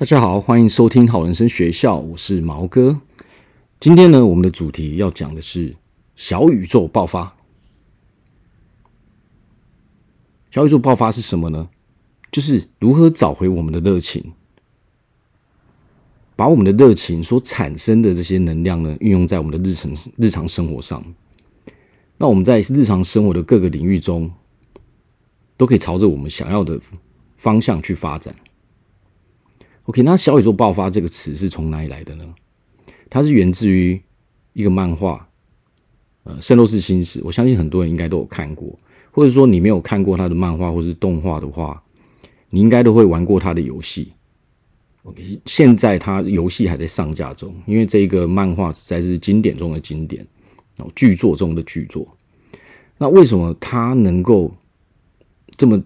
大家好，歡迎收聽好人生學校，我是毛哥。今天呢，我們的主題要講的是小宇宙爆發。小宇宙爆發是什麼呢？就是如何找回我們的熱情，把我們的熱情所產生的這些能量呢，運用在我們的日常、日常生活上。那我們在日常生活的各個領域中，都可以朝着我們想要的方向去發展。OK，那小宇宙爆發這個詞是從哪裡來的呢？它是源自於一個漫畫，呃，《聖鬥士星矢》，我相信很多人應該都有看過，或者說你沒有看過他的漫畫或是動畫的話，你應該都會玩過他的遊戲。OK，現在他遊戲還在上架中，因為這一個漫畫實在是經典中的經典，哦，鉅作中的鉅作。那為什麼他能夠這麼，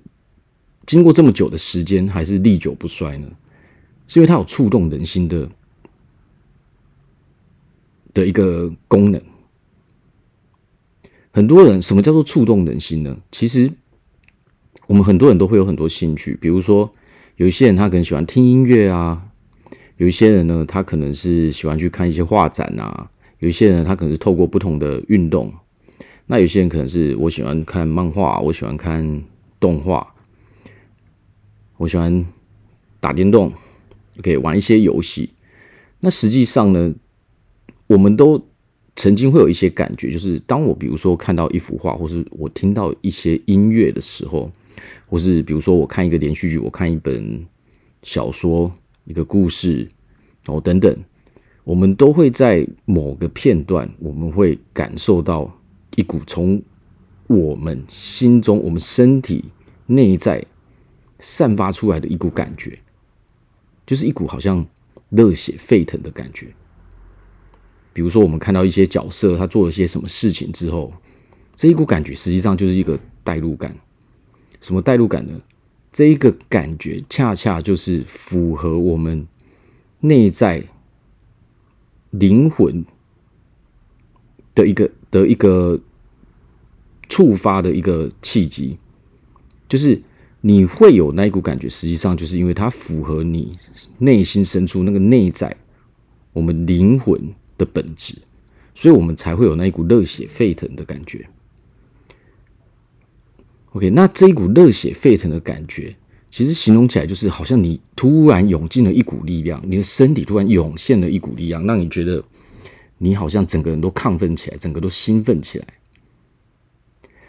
經過這麼久的時間，還是歷久不衰呢？是因為它有觸動人心的的一個功能。很多人，什麼叫做觸動人心呢？其實，我們很多人都會有很多興趣。比如說，有一些人他可能喜歡聽音樂啊；有一些人呢，他可能是喜歡去看一些畫展啊；有一些人他可能是透過不同的運動。那有些人可能是，我喜歡看漫畫，我喜歡看動畫，我喜歡打電動。OK 玩一些遊戲。那實際上呢，我們都曾經會有一些感覺，就是當我比如說看到一幅畫，或是我聽到一些音樂的時候，或是比如說我看一個連續劇，我看一本小說，一個故事，哦，等等，我們都會在某個片段，我們會感受到一股從我們心中，我們身體內在散發出來的一股感覺。就是一股好像熱血沸騰的感覺。比如說，我們看到一些角色，他做了些什麼事情之後，這一股感覺實際上就是一個代入感。什麼代入感呢？這一個感覺恰恰就是符合我們內在靈魂的一個的一個觸發的一個契機，就是。你會有那一股感覺，實際上就是因為它符合你內心深處那個內在，我們靈魂的本質，所以我們才會有那一股熱血沸騰的感覺。OK，那這一股熱血沸騰的感覺，其實形容起來就是好像你突然湧進了一股力量，你的身體突然湧現了一股力量，讓你覺得你好像整個人都亢奮起來，整個都興奮起來。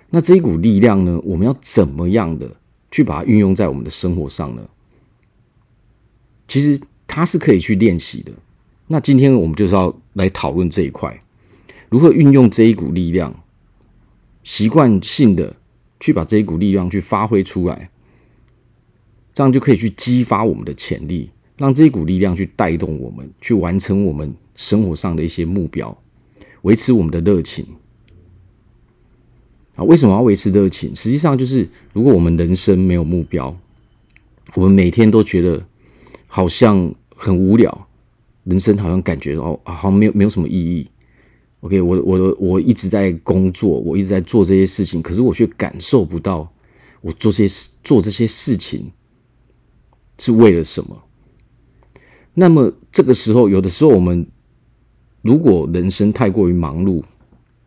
那這一股力量呢，我們要怎麼樣的？去把它運用在我們的生活上了。其實它是可以去練習的。那今天我們就是要來討論這一塊，如何運用這一股力量，習慣性的去把這一股力量去發揮出來，這樣就可以去激發我們的潛力，讓這一股力量去帶動我們，去完成我們生活上的一些目標，維持我們的熱情。啊，為什麼要維持熱情？實際上就是，如果我們人生沒有目標，我們每天都覺得好像很無聊，人生好像感覺哦，好像沒有沒有什麼意義。OK，我我我一直在工作，我一直在做這些事情，可是我卻感受不到我做這些事做這些事情是為了什麼。那麼這個時候，有的時候我們如果人生太過於忙碌，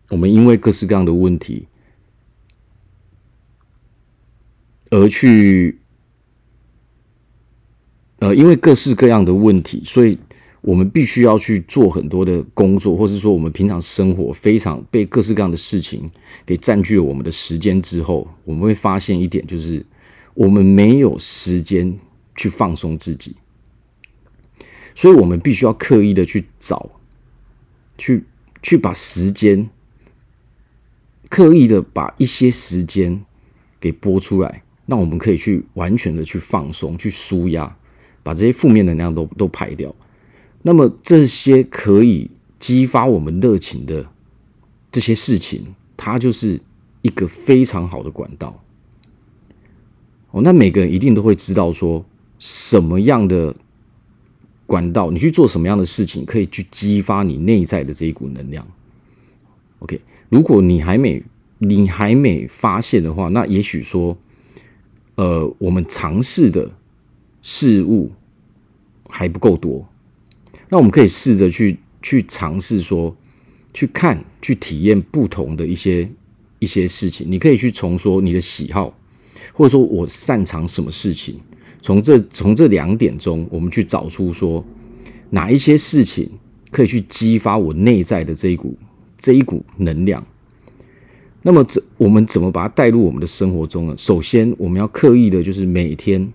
我們因為各式各樣的問題。而去，呃，因為各式各樣的問題，所以我們必須要去做很多的工作，或是說我們平常生活非常被各式各樣的事情給占據了我們的時間之後，我們會發現一點就是我們沒有時間去放鬆自己，所以我們必須要刻意的去找，去去把時間刻意的把一些時間給撥出來。那我們可以去完全的去放鬆，去舒壓，把這些負面能量都都排掉。那麼這些可以激發我們熱情的這些事情，它就是一個非常好的管道。哦，那每個人一定都會知道說什麼樣的管道，你去做什麼樣的事情，可以去激發你內在的這一股能量。OK，如果你還沒你還沒發現的話，那也許說。呃，我們嘗試的事物還不夠多，那我們可以試着去去嘗試說，去看去體驗不同的一些一些事情。你可以去從說你的喜好，或者說我擅長什麼事情，從這從這兩點中，我們去找出說哪一些事情可以去激發我內在的這一股這一股能量。那麼，怎我們怎麼把它帶入我們的生活中呢？首先，我們要刻意的，就是每天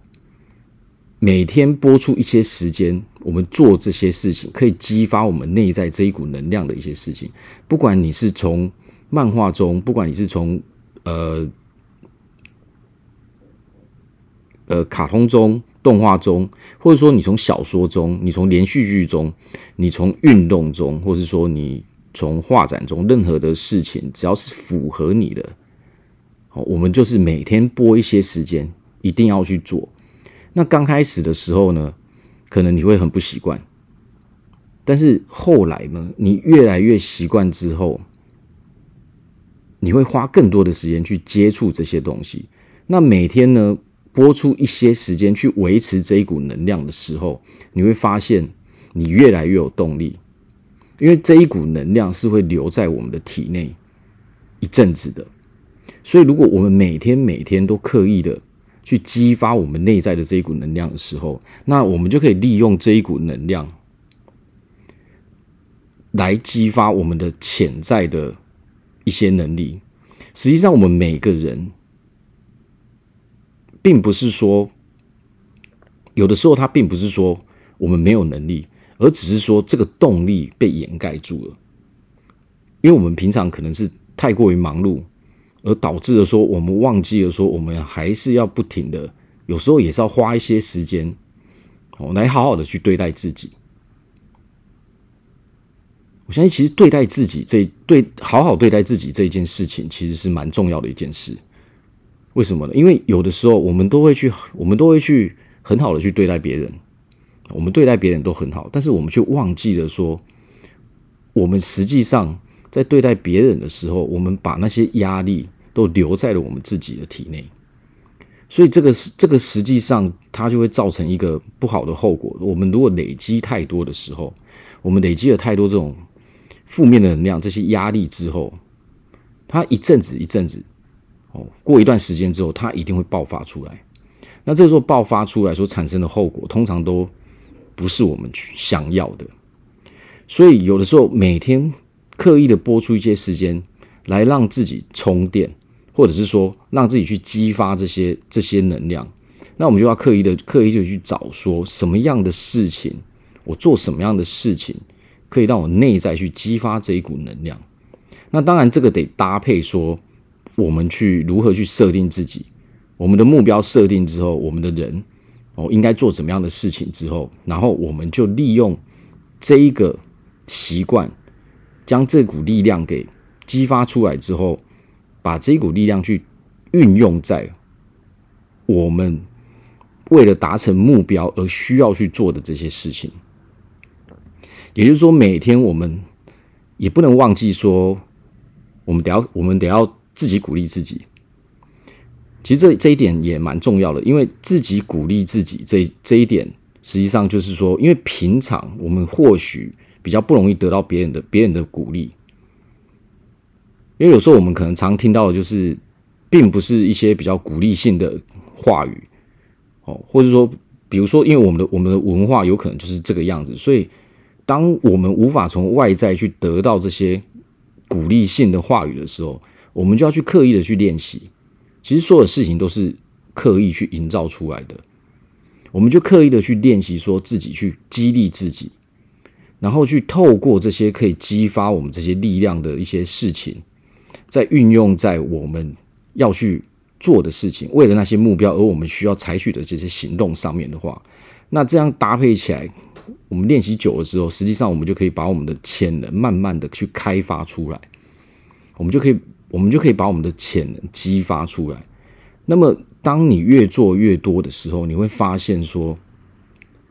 每天播出一些時間，我們做這些事情，可以激發我們內在這一股能量的一些事情。不管你是從漫畫中，不管你是從呃呃卡通中、動畫中，或者說你從小說中，你從連續劇中，你從運動中，或者是說你。從畫展中任何的事情，只要是符合你的，好，我們就是每天撥一些時間，一定要去做。那剛開始的時候呢，可能你會很不習慣，但是後來呢，你越來越習慣之後，你會花更多的時間去接觸這些東西。那每天呢，撥出一些時間去維持這一股能量的時候，你會發現你越來越有動力。因為這一股能量是會留在我們的體內一陣子的，所以如果我們每天每天都刻意的去激發我們內在的這一股能量的時候，那我們就可以利用這一股能量來激發我們的潛在的一些能力。實際上，我們每個人並不是說，有的時候他並不是說我們沒有能力。而只是說這個動力被掩蓋住了，因為我們平常可能是太過於忙碌，而導致了說我們忘記了說我們還是要不停的，有時候也是要花一些時間，哦，來好好的去對待自己。我相信其實對待自己這，對，好好對待自己這一件事情，其實是蠻重要的一件事。為什麼呢？因為有的時候我們都會去，我們都會去很好的去對待別人。我們對待別人都很好，但是我們卻忘記了說，我們實際上在對待別人的時候，我們把那些壓力都留在了我們自己的體內。所以這個是這個實際上它就會造成一個不好的後果。我們如果累積太多的時候，我們累積了太多這種負面的能量，這些壓力之後，它一陣子一陣子，哦，過一段時間之後，它一定會爆發出來。那這時候爆發出來所產生的後果，通常都不是我們去想要的，所以有的時候每天刻意的撥出一些時間來讓自己充電，或者是說讓自己去激發這些這些能量，那我們就要刻意的刻意就去找說什麼樣的事情，我做什麼樣的事情可以讓我內在去激發這一股能量。那當然這個得搭配說我們去如何去設定自己，我們的目標設定之後，我們的人。哦，應該做怎麼樣的事情之後，然後我們就利用這一個習慣，將這股力量給激發出來之後，把這股力量去運用在我們為了達成目標而需要去做的這些事情。也就是說，每天我們也不能忘記說，我們得要，我們得要自己鼓勵自己。其實這這一點也蠻重要的，因為自己鼓勵自己這這一點，實際上就是說，因為平常我們或許比較不容易得到別人的別人的鼓勵，因為有時候我們可能常聽到的就是，並不是一些比較鼓勵性的話語，哦，或者說，比如說，因為我們的我們的文化有可能就是這個樣子，所以當我們無法從外在去得到這些鼓勵性的話語的時候，我們就要去刻意的去練習。其實所有事情都是刻意去營造出來的，我們就刻意的去練習，說自己去激勵自己，然後去透過這些可以激發我們這些力量的一些事情，再運用在我們要去做的事情，為了那些目標而我們需要採取的這些行動上面的話，那這樣搭配起來，我們練習久了之後，實際上我們就可以把我們的潛能慢慢的去開發出來，我們就可以。我們就可以把我們的潛能激發出來。那麼，當你越做越多的時候，你會發現說，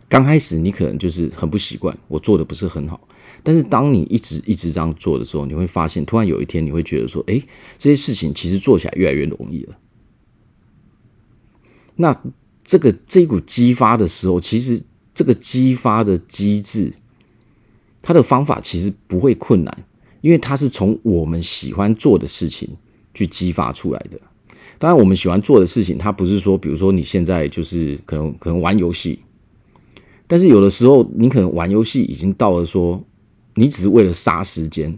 剛開始你可能就是很不習慣，我做的不是很好。但是，當你一直一直這樣做的時候，你會發現，突然有一天，你會覺得說，哎、欸，這些事情其實做起來越來越容易了。那這個這一股激發的時候，其實這個激發的機制，它的方法其實不會困難。因為它是從我們喜歡做的事情去激發出來的。當然，我們喜歡做的事情，它不是說，比如說你現在就是可能可能玩遊戲，但是有的時候你可能玩遊戲已經到了說，你只是為了殺時間，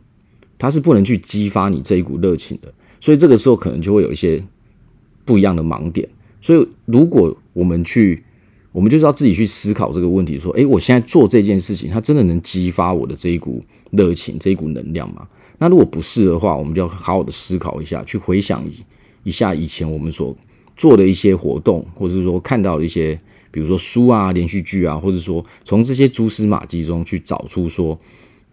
它是不能去激發你這一股熱情的。所以這個時候可能就會有一些不一樣的盲點。所以如果我們去，我們就是要自己去思考這個問題，說，誒，我現在做這件事情，它真的能激發我的這一股熱情、這一股能量嗎？那如果不是的話，我們就要好好的思考一下，去回想一下以前我們所做的一些活動，或者是說看到的一些，比如說書啊、連續劇啊，或者說從這些蛛絲馬跡中去找出說，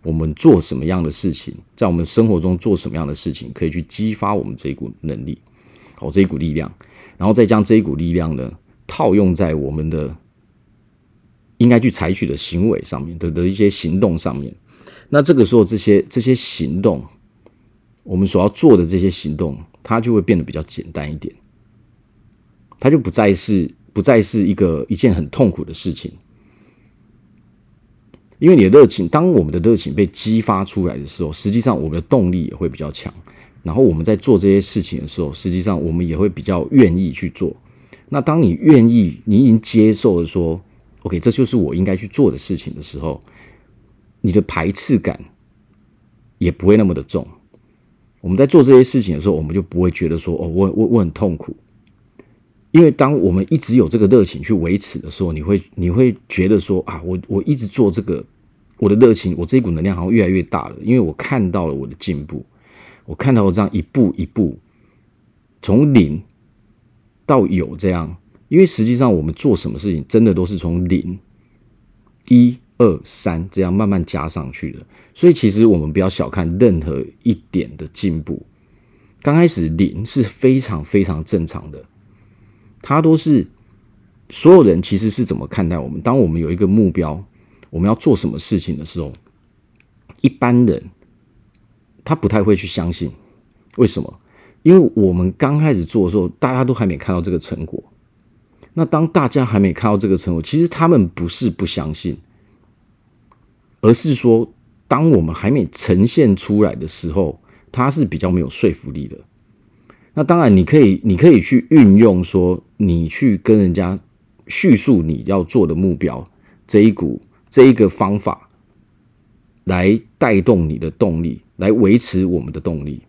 我們做什麼樣的事情，在我們生活中做什麼樣的事情，可以去激發我們這一股能力，好、哦，這一股力量，然後再將這一股力量呢，套用在我們的應該去採取的行為上面的的一些行動上面，那這個時候這些這些行動，我們所要做的這些行動，它就會變得比較簡單一點。它就不再是不再是一個一件很痛苦的事情。因為你的熱情，當我們的熱情被激發出來的時候，實際上我們的動力也會比較強，然後我們在做這些事情的時候，實際上我們也會比較願意去做。那當你願意，你已經接受了說，OK，這就是我應該去做的事情的時候，你的排斥感也不會那麼的重。我們在做這些事情的時候，我們就不會覺得說，哦，我我我很痛苦。因為當我們一直有這個熱情去維持的時候，你會你會覺得說，啊，我我一直做這個，我的熱情，我這一股能量好像越來越大了，因為我看到了我的進步，我看到了這樣一步一步從零。到有這樣，因為實際上我們做什麼事情，真的都是從零、一、二、三這樣慢慢加上去的。所以，其實我們不要小看任何一點的進步。剛開始零是非常非常正常的，它都是所有人其實是怎麼看待我們？當我們有一個目標，我們要做什麼事情的時候，一般人他不太會去相信。為什麼？因為我們剛開始做的時候，大家都還沒看到這個成果。那當大家還沒看到這個成果，其實他們不是不相信，而是說，當我們還沒呈現出來的時候，他是比較沒有說服力的。那當然，你可以，你可以去運用說，你去跟人家敘述你要做的目標，這一股，這一個方法，來帶動你的動力，來維持我們的動力。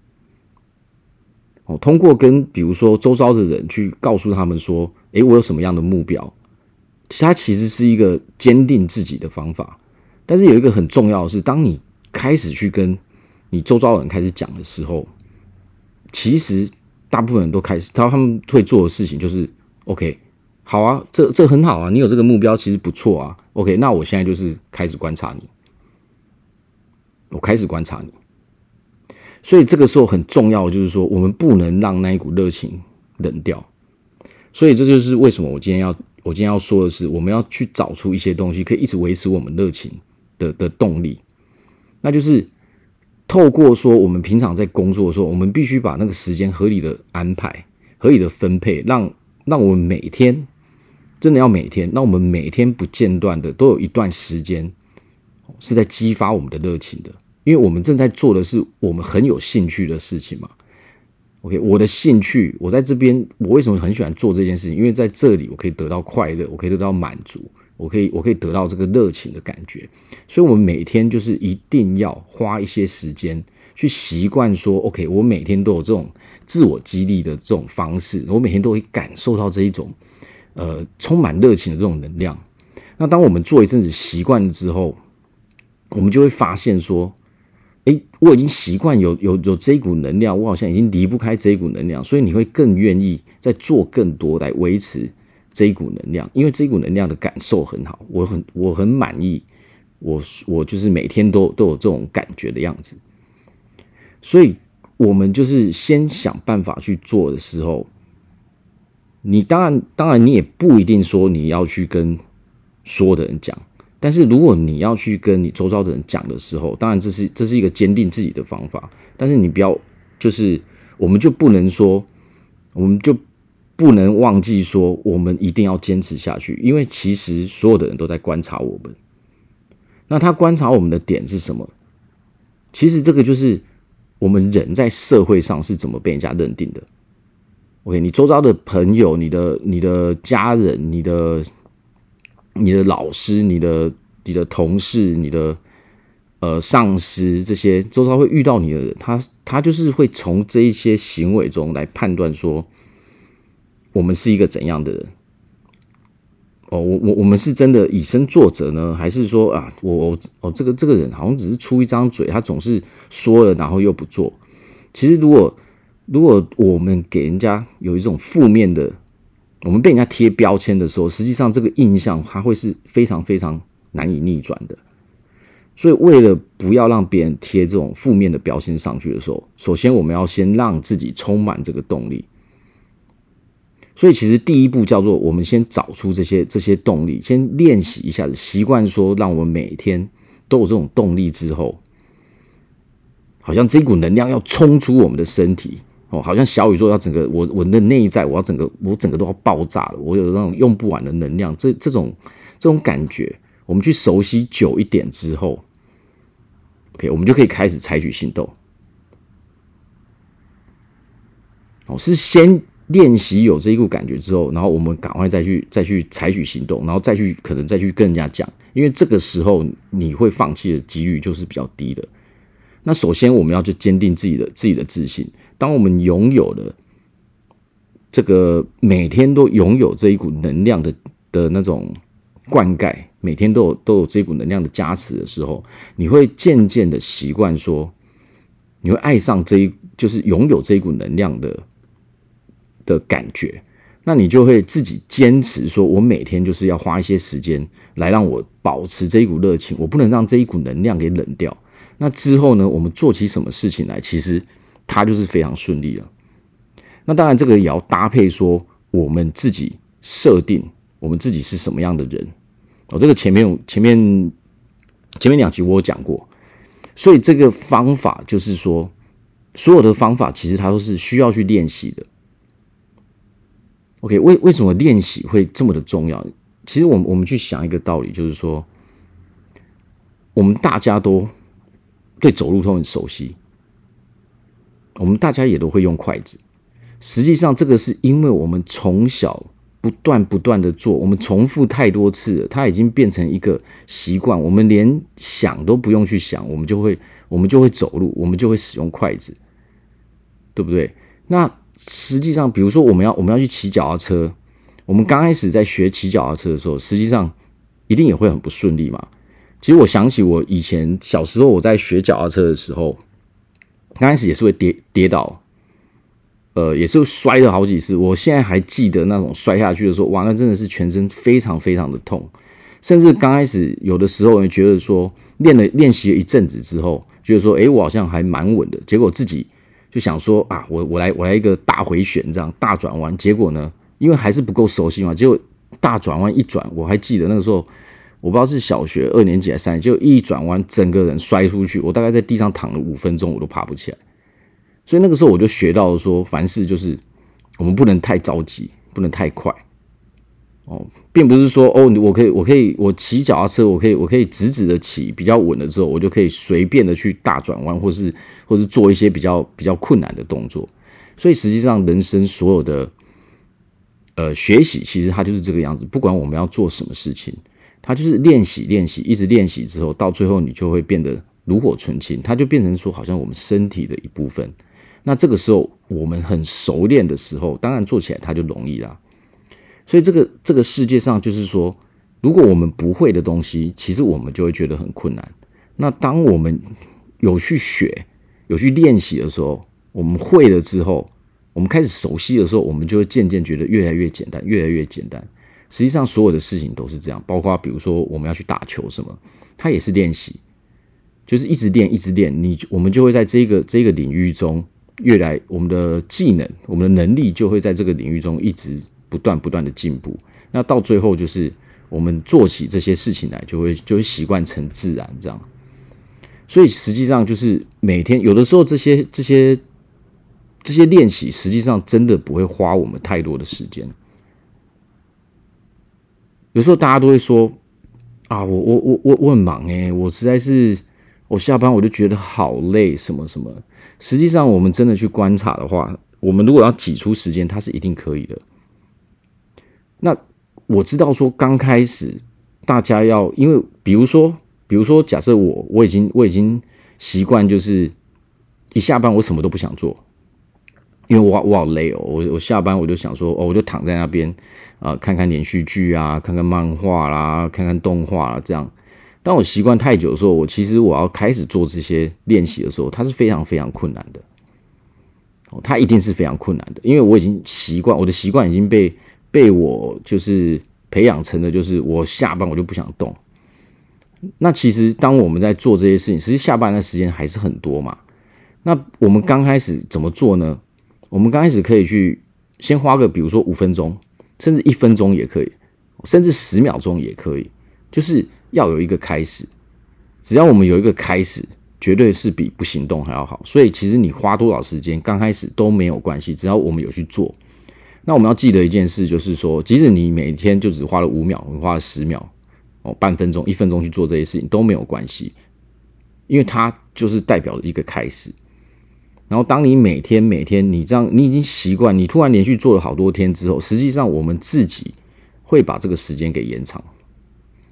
通過跟比如說周遭的人去告訴他們說，哎、欸，我有什麼樣的目標？它其實是一個堅定自己的方法。但是有一個很重要的是，當你開始去跟你周遭的人開始講的時候，其實大部分人都開始，他們會做的事情就是，OK，好啊，這這很好啊，你有這個目標其實不錯啊。OK，那我現在就是開始觀察你，我開始觀察你。所以這個時候很重要，就是說我們不能讓那一股熱情冷掉。所以這就是為什麼我今天要我今天要說的是，我們要去找出一些東西，可以一直維持我們熱情的的動力。那就是透過說我們平常在工作的時候，我們必須把那個時間合理的安排，合理的分配，讓讓我們每天真的要每天，讓我們每天不間斷的都有一段時間是在激發我們的熱情的。因為我們正在做的是我們很有興趣的事情嘛。OK，我的興趣，我在這邊，我為什麼很喜歡做這件事情？因為在這裡我可以得到快樂，我可以得到滿足，我可以，我可以得到這個熱情的感覺。所以，我們每天就是一定要花一些時間去習慣說，OK，我每天都有這種自我激勵的這種方式，我每天都會感受到這一種呃充滿熱情的這種能量。那當我們做一陣子習慣了之後，我們就會發現說。誒，我已經習慣有有有這一股能量，我好像已經離不開這一股能量，所以你會更願意再做更多來維持這一股能量，因為這一股能量的感受很好，我很我很滿意，我我就是每天都都有這種感覺的樣子。所以，我們就是先想辦法去做的時候，你當然當然你也不一定說你要去跟所有的人講。但是如果你要去跟你周遭的人講的時候，當然這是這是一個堅定自己的方法，但是你不要就是我們就不能說，我們就不能忘記說，我們一定要堅持下去，因為其實所有的人都在觀察我們。那他觀察我們的點是什麼？其實這個就是我們人在社會上是怎麼被人家認定的。OK，你周遭的朋友、你的、你的家人、你的。你的老師、你的、你的同事、你的呃上司，這些周遭會遇到你的人，他他就是會從這一些行為中來判斷說，我們是一個怎樣的人。哦，我我我們是真的以身作則呢，還是說啊，我我我、哦、這個這個人好像只是出一張嘴，他總是說了然後又不做。其實如果如果我們給人家有一種負面的。我們被人家貼標籤的時候，實際上這個印象它會是非常非常難以逆轉的。所以，為了不要讓別人貼這種負面的標籤上去的時候，首先我們要先讓自己充滿這個動力。所以，其實第一步叫做我們先找出這些這些動力，先練習一下子習慣說，讓我們每天都有這種動力之後，好像這股能量要衝出我們的身體。哦，好像小宇宙要整個我我的內在，我要整個我整個都要爆炸了。我有那種用不完的能量，這這種這種感覺，我們去熟悉久一點之後，OK，我們就可以開始採取行動。哦，是先練習有這一股感覺之後，然後我們趕快再去再去採取行動，然後再去可能再去跟人家講，因為這個時候你會放棄的機率就是比較低的。那首先我們要去堅定自己的自己的自信。當我們擁有了這個，每天都擁有這一股能量的的那種灌溉，每天都有都有這一股能量的加持的時候，你會漸漸的習慣說，說你會愛上這一就是擁有這一股能量的的感覺。那你就會自己堅持，說我每天就是要花一些時間來讓我保持這一股熱情，我不能讓這一股能量給冷掉。那之後呢，我們做起什麼事情來，其實。他就是非常順利了。那當然，這個也要搭配說，我們自己設定，我們自己是什麼樣的人。哦，這個前面，前面，前面兩集我有講過。所以這個方法就是說，所有的方法其實它都是需要去練習的。OK，為為什麼練習會這麼的重要？其實我們，我我們去想一個道理，就是說，我們大家都對走路都很熟悉。我們大家也都會用筷子。實際上，這個是因為我們從小不斷不斷的做，我們重複太多次了，它已經變成一個習慣。我們連想都不用去想，我們就會我們就會走路，我們就會使用筷子，對不對？那實際上，比如說我們要我們要去騎腳踏車，我們剛開始在學騎腳踏車的時候，實際上一定也會很不順利嘛。其實我想起我以前小時候我在學腳踏車的時候。剛開始也是會跌跌倒，呃，也是摔了好幾次。我現在還記得那種摔下去的時候，哇，那真的是全身非常非常的痛。甚至剛開始有的時候也覺得說，練了練習了一陣子之後，覺得說，誒，我好像還蠻穩的。結果自己就想說啊，我我來我來一個大回旋，這樣大轉彎。結果呢，因為還是不夠熟悉嘛，結果大轉彎一轉，我還記得那個時候。我不知道是小學二年級還是三年級，就一轉彎，整個人摔出去。我大概在地上躺了五分鐘，我都爬不起來。所以那個時候我就學到了說，凡事就是我們不能太着急，不能太快。哦，並不是說哦，我可以，我可以，我騎腳踏車，我可以，我可以直直的騎，比較穩了之後，我就可以隨便的去大轉彎，或是或是做一些比較比較困難的動作。所以實際上，人生所有的呃學習，其實它就是這個樣子。不管我們要做什麼事情。他就是練習，練習，一直練習之後，到最後你就會變得爐火純青，他就變成說，好像我們身體的一部分。那這個時候我們很熟練的時候，當然做起來他就容易啦。所以這個這個世界上就是說，如果我們不會的東西，其實我們就會覺得很困難。那當我們有去學、有去練習的時候，我們會了之後，我們開始熟悉的時候，我們就會漸漸覺得越來越簡單，越來越簡單。實際上，所有的事情都是這樣，包括比如說我們要去打球什麼，它也是練習，就是一直練，一直練，你我們就會在這個這個領域中越來我們的技能、我們的能力就會在這個領域中一直不斷不斷的進步。那到最後，就是我們做起這些事情來，就會就會習慣成自然，這樣。所以，實際上就是每天有的時候這，這些這些這些練習，實際上真的不會花我們太多的時間。有時候大家都會說：“啊，我我我我我很忙哎，我實在是我下班我就覺得好累，什麼什麼。”實際上，我們真的去觀察的話，我們如果要擠出時間，它是一定可以的。那我知道說，剛開始大家要，因為比如說，比如說假設我我已經我已經習慣，就是一下班我什麼都不想做。因為我我好累哦，我我下班我就想說哦，我就躺在那邊啊、呃，看看連續劇啊，看看漫畫啦，看看動畫啦、啊、這樣。當我習慣太久的時候，我其實我要開始做這些練習的時候，它是非常非常困難的。哦，它一定是非常困難的，因為我已經習慣，我的習慣已經被被我就是培養成了，就是我下班我就不想動。那其實當我們在做這些事情，其實下班的時間還是很多嘛。那我們剛開始怎麼做呢？我們剛開始可以去先花個，比如說五分鐘，甚至一分鐘也可以，甚至十秒鐘也可以，就是要有一個開始。只要我們有一個開始，絕對是比不行動還要好。所以其實你花多少時間，剛開始都沒有關係，只要我們有去做。那我們要記得一件事，就是說，即使你每天就只花了五秒，我們花了十秒，哦，半分鐘、一分鐘去做這些事情都沒有關係，因為它就是代表了一個開始。然後，當你每天每天你這樣，你已經習慣，你突然連續做了好多天之後，實際上我們自己會把這個時間給延長，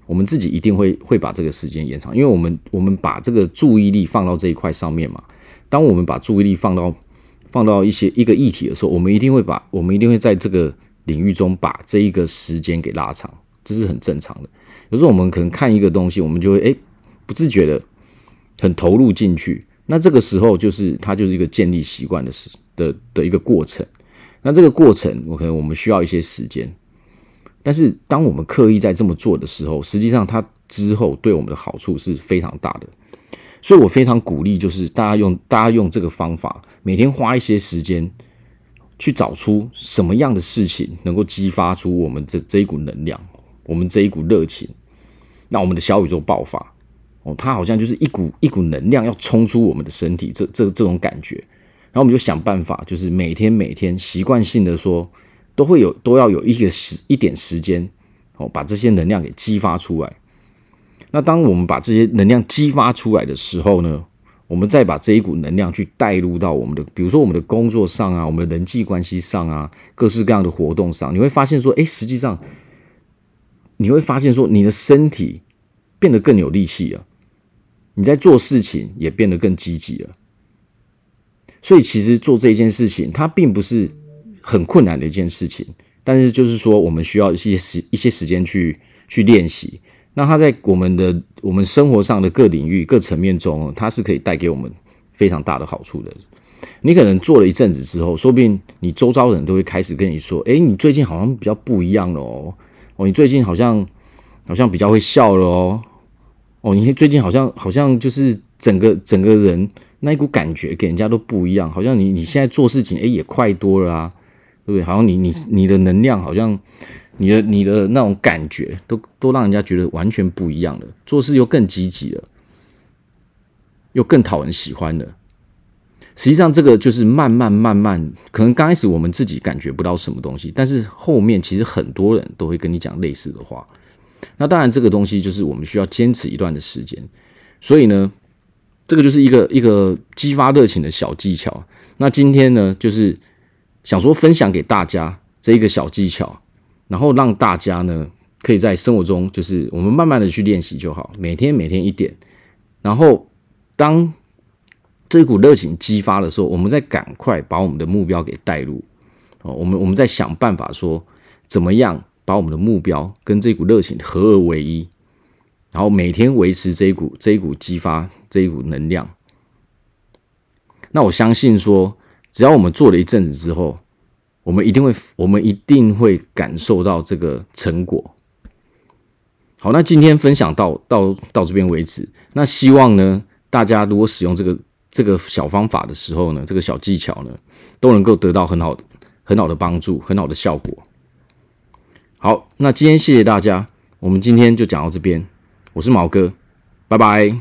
我們自己一定會會把這個時間延長，因為我們我們把這個注意力放到這一塊上面嘛。當我們把注意力放到放到一些一個議題的時候，我們一定會把我們一定會在這個領域中把這一個時間給拉長，這是很正常的。有時候我們可能看一個東西，我們就會，哎，不自覺的很投入進去。那這個時候就是它，就是一個建立習慣的時的的一個過程。那這個過程我可能我們需要一些時間。但是當我們刻意在這麼做的時候，實際上它之後對我們的好處是非常大的。所以我非常鼓勵，就是大家用大家用這個方法，每天花一些時間，去找出什麼樣的事情能夠激發出我們這這一股能量，我們這一股熱情，那我們的小宇宙爆發。它好像就是一股一股能量要衝出我們的身體，這這這種感覺，然後我們就想辦法，就是每天每天習慣性的說，都會有都要有一個時一點時間，哦，把這些能量給激發出來。那當我們把這些能量激發出來的時候呢，我們再把這一股能量去帶入到我們的，比如說我們的工作上啊，我們的人際關係上啊，各式各樣的活動上，你會發現說，哎，實際上你會發現說，你的身體變得更有力氣了。你在做事情也變得更積極了，所以其實做這件事情，它並不是很困難的一件事情，但是就是說，我們需要一些時一些時間去去練習。那它在我們的我們生活上的各領域、各層面中，它是可以帶給我們非常大的好處的。你可能做了一陣子之後，說不定你周遭人都會開始跟你說：“哎，你最近好像比較不一樣了哦，哦，你最近好像好像比較會笑了哦。”哦，你最近好像好像就是整個整個人那一股感覺給人家都不一樣，好像你你現在做事情哎，也快多了啊，對不對？好像你你你的能量好像你的你的那種感覺都都讓人家覺得完全不一樣了，做事又更積極了，又更討人喜歡了。實際上，這個就是慢慢慢慢，可能剛開始我們自己感覺不到什麼東西，但是後面其實很多人都會跟你講類似的話。那當然，這個東西就是我們需要堅持一段的時間，所以呢，這個就是一個一個激發熱情的小技巧。那今天呢，就是想說分享給大家這一個小技巧，然後讓大家呢可以在生活中就是我們慢慢的去練習就好，每天每天一點，然後當這股熱情激發的時候，我們再趕快把我們的目標給帶入哦，我們我們在想辦法說怎麼樣。把我們的目標跟這股熱情合而為一，然後每天維持這一股這一股激發這一股能量。那我相信說，只要我們做了一陣子之後，我們一定會我們一定會感受到這個成果。好，那今天分享到到到這邊為止。那希望呢，大家如果使用這個這個小方法的時候呢，這個小技巧呢，都能夠得到很好很好的幫助，很好的效果。好，那今天謝謝大家，我們今天就講到這邊。我是毛哥，拜拜。